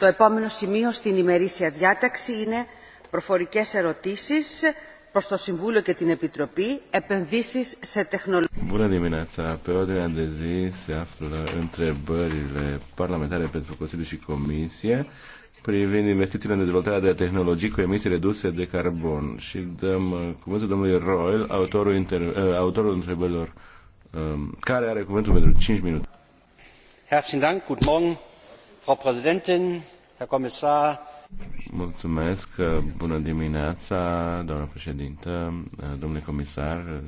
Το επόμενο σημείο στην ημερήσια διάταξη είναι προφορικές ερωτήσεις προς το Συμβούλιο και την Επιτροπή επενδύσεις σε τεχνολογία. Bună dimineața! Pe ordinea de zi se află întrebările parlamentare pentru Consiliu și Comisie privind investițiile în dezvoltarea de tehnologii cu emisii reduse de carbon. Și dăm uh, cuvântul domnului Royal, autorul, inter... Uh, autorul întrebărilor, um, care are cuvântul pentru 5 minute. Herzlichen Dank, guten Morgen. Frau Präsidentin, Herr Kommissar. Mulțumesc, uh, bună dimineața, doamnă președintă, uh, domnule comisar, uh,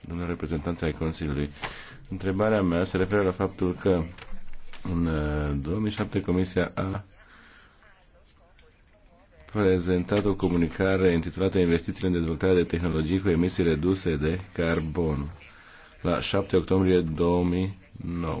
domnule reprezentant ai Consiliului. Întrebarea mea se referă la faptul că în 2007 Comisia a prezentat o comunicare intitulată Investițiile în dezvoltarea de tehnologii cu emisii reduse de carbon la 7 octombrie 2009.